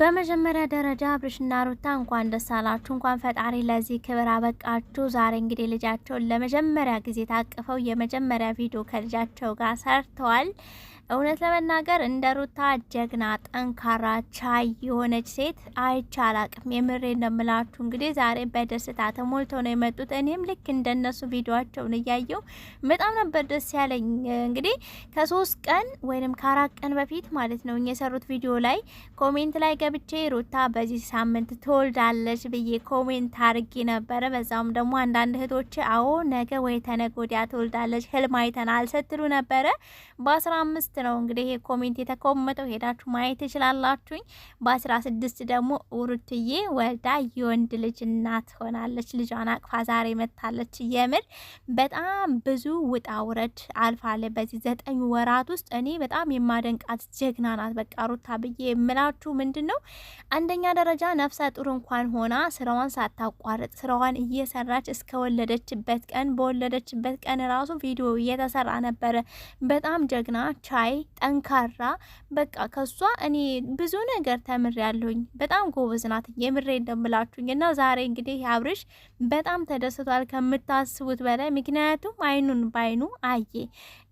በመጀመሪያ ደረጃ አብርሽና ሩታ እንኳን ደስ አላችሁ፣ እንኳን ፈጣሪ ለዚህ ክብር አበቃችሁ። ዛሬ እንግዲህ ልጃቸውን ለመጀመሪያ ጊዜ ታቅፈው የመጀመሪያ ቪዲዮ ከልጃቸው ጋር ሰርተዋል። እውነት ለመናገር እንደ ሩታ ጀግና፣ ጠንካራ፣ ቻይ የሆነች ሴት አይቼ አላቅም። የምሬ እንደምላችሁ እንግዲህ ዛሬ በደስታ ተሞልተው ነው የመጡት። እኔም ልክ እንደነሱ ቪዲዮቸውን እያየው በጣም ነበር ደስ ያለኝ። እንግዲህ ከሶስት ቀን ወይም ከአራት ቀን በፊት ማለት ነው የሰሩት ቪዲዮ ላይ ኮሜንት ላይ ገብቼ ሩታ በዚህ ሳምንት ትወልዳለች ብዬ ኮሜንት አድርጌ ነበረ። በዛውም ደግሞ አንዳንድ እህቶች አዎ ነገ ወይ ተነገ ወዲያ ትወልዳለች ህልም አይተናል ስትሉ ነበረ በአስራ አምስት በ ነው እንግዲህ ይሄ ኮሜንት የተቆመጠው ሄዳችሁ ማየት ትችላላችሁኝ። በ16 ደግሞ ውርትዬ ወልዳ የወንድ ልጅ እናት ሆናለች። ልጇን አቅፋ ዛሬ መታለች። የምር በጣም ብዙ ውጣ ውረድ አልፋለ። በዚህ ዘጠኝ ወራት ውስጥ እኔ በጣም የማደንቃት ጀግና ናት። በቃ ሩታ ብዬ የምላችሁ ምንድን ነው አንደኛ ደረጃ ነፍሰ ጡር እንኳን ሆና ስራዋን ሳታቋርጥ ስራዋን እየሰራች እስከወለደችበት ቀን በወለደችበት ቀን ራሱ ቪዲዮ እየተሰራ ነበረ። በጣም ጀግና ቻ አስተዋይ፣ ጠንካራ በቃ ከሷ እኔ ብዙ ነገር ተምሬያለሁኝ። በጣም ጎበዝ ናት። የምሬ እንደምላችሁኝ እና ዛሬ እንግዲህ አብርሽ በጣም ተደስቷል ከምታስቡት በላይ። ምክንያቱም አይኑን ባይኑ አየ።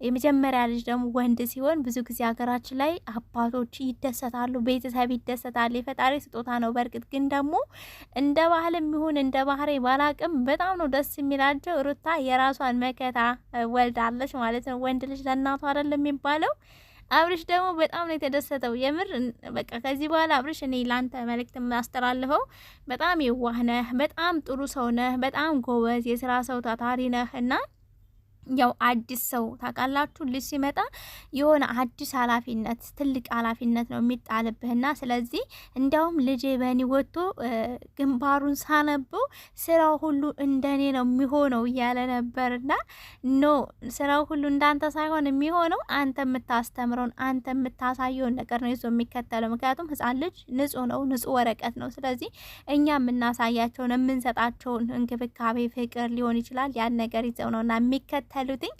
የመጀመሪያ ልጅ ደግሞ ወንድ ሲሆን ብዙ ጊዜ ሀገራችን ላይ አባቶች ይደሰታሉ፣ ቤተሰብ ይደሰታል። የፈጣሪ ስጦታ ነው። በእርግጥ ግን ደግሞ እንደ ባህልም ይሁን እንደ ባህሬ ባላቅም በጣም ነው ደስ የሚላቸው። ሩታ የራሷን መከታ ወልዳለች ማለት ነው። ወንድ ልጅ ለእናቱ አይደለም የሚባለው አብርሽ ደግሞ በጣም ነው የተደሰተው። የምር በቃ ከዚህ በኋላ አብርሽ እኔ ላንተ መልእክት የማስተላልፈው በጣም የዋህ ነህ፣ በጣም ጥሩ ሰው ነህ፣ በጣም ጎበዝ የስራ ሰው ታታሪ ነህ እና ያው አዲስ ሰው ታውቃላችሁ፣ ልጅ ሲመጣ የሆነ አዲስ ኃላፊነት ትልቅ ኃላፊነት ነው የሚጣልብህና ስለዚህ እንዲያውም ልጄ በእኔ ወጥቶ ግንባሩን ሳነበው ስራው ሁሉ እንደኔ ነው የሚሆነው እያለ ነበርና፣ ኖ ስራው ሁሉ እንዳንተ ሳይሆን የሚሆነው አንተ የምታስተምረውን አንተ የምታሳየውን ነገር ነው ይዞ የሚከተለው። ምክንያቱም ህፃን ልጅ ንጹህ ነው፣ ንጹህ ወረቀት ነው። ስለዚህ እኛ የምናሳያቸውን የምንሰጣቸውን እንክብካቤ፣ ፍቅር ሊሆን ይችላል ያን ነገር ይዘው ነውና የሚከተ የምትከታተሉትኝ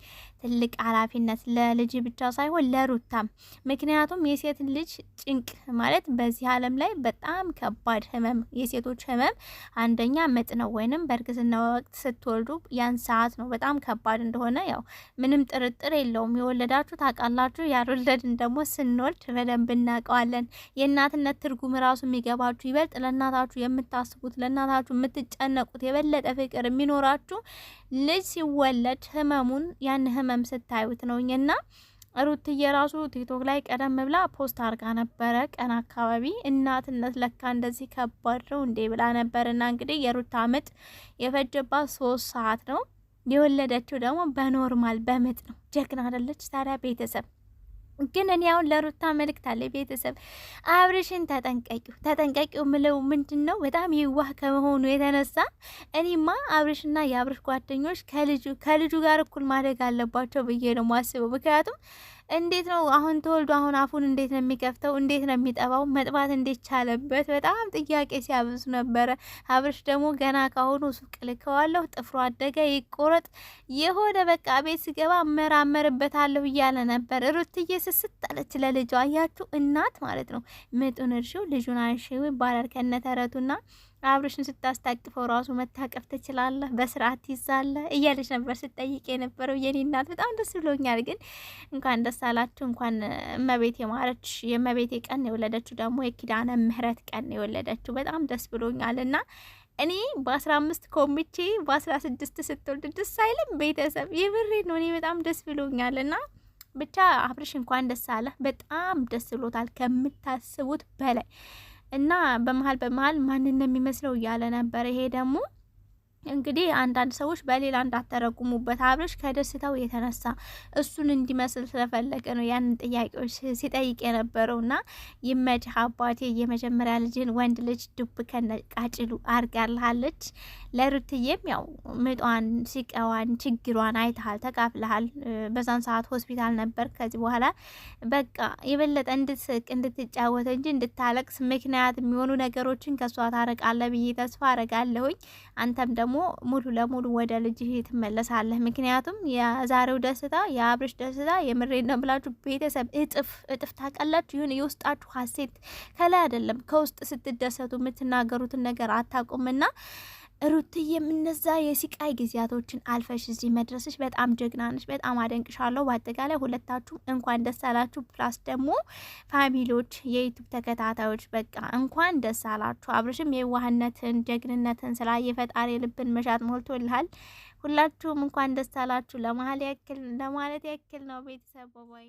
ትልቅ ኃላፊነት ለልጅ ብቻ ሳይሆን ለሩታም። ምክንያቱም የሴት ልጅ ጭንቅ ማለት በዚህ ዓለም ላይ በጣም ከባድ ህመም፣ የሴቶች ህመም አንደኛ ምጥ ነው፣ ወይንም በእርግዝና ወቅት ስትወልዱ ያን ሰዓት ነው በጣም ከባድ እንደሆነ ያው ምንም ጥርጥር የለውም። የወለዳችሁ ታውቃላችሁ፣ ያልወለድን ደግሞ ስንወልድ በደንብ እናውቀዋለን። የእናትነት ትርጉም ራሱ የሚገባችሁ ይበልጥ ለእናታችሁ የምታስቡት ለእናታችሁ የምትጨነቁት የበለጠ ፍቅር የሚኖራችሁ ልጅ ሲወለድ ህመሙ ህመሙን ያን ህመም ስታዩት ነውኝ እና ሩትዬ ራሱ ቲክቶክ ላይ ቀደም ብላ ፖስት አርጋ ነበረ። ቀን አካባቢ እናትነት ለካ እንደዚህ ከባድ ነው እንዴ ብላ ነበር። እና እንግዲህ የሩታ ምጥ የፈጀባት ሶስት ሰዓት ነው። የወለደችው ደግሞ በኖርማል በምጥ ነው። ጀግና አደለች ታዲያ ቤተሰብ ግን እኔ አሁን ለሩታ መልእክት አለ። ቤተሰብ አብርሽን ተጠንቀቂው፣ ተጠንቀቂው ምለው ምንድን ነው በጣም የዋህ ከመሆኑ የተነሳ እኔማ አብርሽና የአብርሽ ጓደኞች ከልጁ ከልጁ ጋር እኩል ማደግ አለባቸው ብዬ ነው ማስበው ምክንያቱም እንዴት ነው አሁን ተወልዶ አሁን አፉን እንዴት ነው የሚከፍተው? እንዴት ነው የሚጠባው? መጥባት እንዴት ቻለበት? በጣም ጥያቄ ሲያብዙ ነበረ። አብርሽ ደግሞ ገና ካሁኑ ሱቅ ልከዋለሁ፣ ጥፍሮ አደገ፣ ይቆረጥ የሆነ በቃ ቤት ስገባ እመራመርበታለሁ እያለ ነበር። ሩትዬ ስስት አለች ለልጇ። አያችሁ እናት ማለት ነው ምጡን እርሺው ልጁን አንሺው ይባላል ከነተረቱና አብርሽን ስታስታቅፈው ራሱ መታቀፍ ትችላለህ፣ በስርዓት ትይዛለህ እያለች ነበር ስጠይቅ የነበረው የኔ እናት። በጣም ደስ ብሎኛል። ግን እንኳን ደስ አላችሁ፣ እንኳን እመቤት የማረች የእመቤቴ ቀን የወለደችው ደግሞ የኪዳነ ምህረት ቀን የወለደችው በጣም ደስ ብሎኛል እና እኔ በአስራ አምስት ኮሚቼ በአስራ ስድስት ስትወልድ ደስ አይልም? ቤተሰብ የብሬ ነው። እኔ በጣም ደስ ብሎኛል እና ብቻ አብርሽ እንኳን ደስ አለ። በጣም ደስ ብሎታል ከምታስቡት በላይ እና በመሀል በመሀል ማንን ነው የሚመስለው እያለ ነበር። ይሄ ደግሞ እንግዲህ አንዳንድ ሰዎች በሌላ እንዳተረጉሙበት አብርሽ ከደስታው የተነሳ እሱን እንዲመስል ስለፈለገ ነው ያንን ጥያቄዎች ሲጠይቅ የነበረው እና ይመችህ አባቴ፣ የመጀመሪያ ልጅን ወንድ ልጅ ዱብ ከነቃጭሉ አርጋልሃለች። ለሩትዬም ያው ምጧን፣ ሲቀዋን፣ ችግሯን አይተሃል፣ ተካፍልሃል። በዛን ሰዓት ሆስፒታል ነበር። ከዚህ በኋላ በቃ የበለጠ እንድትስቅ እንድትጫወት እንጂ እንድታለቅስ ምክንያት የሚሆኑ ነገሮችን ከእሷ ታረቃለ ብዬ ተስፋ አረጋለሁኝ። አንተም ደግሞ ደግሞ ሙሉ ለሙሉ ወደ ልጅህ ትመለሳለህ። ምክንያቱም የዛሬው ደስታ የአብርሽ ደስታ የምሬድ ነው ብላችሁ ቤተሰብ እጥፍ እጥፍ ታውቃላችሁ። ይሁን የውስጣችሁ ሀሴት ከላይ አይደለም ከውስጥ ስትደሰቱ የምትናገሩትን ነገር አታቁምና። ሩትዬም እነዛ የሲቃይ ጊዜያቶችን አልፈሽ እዚህ መድረስሽ በጣም ጀግና ነሽ፣ በጣም አደንቅሻለሁ። በአጠቃላይ ሁለታችሁም እንኳን ደስ አላችሁ። ፕላስ ደግሞ ፋሚሊዎች፣ የዩቱብ ተከታታዮች በቃ እንኳን ደስ አላችሁ። አብርሽም የዋህነትን ጀግንነትን ስላ የፈጣሪ ልብን መሻት ሞልቶልሃል። ሁላችሁም እንኳን ደስ አላችሁ ለማለት ያክል ነው ቤተሰብ ወይ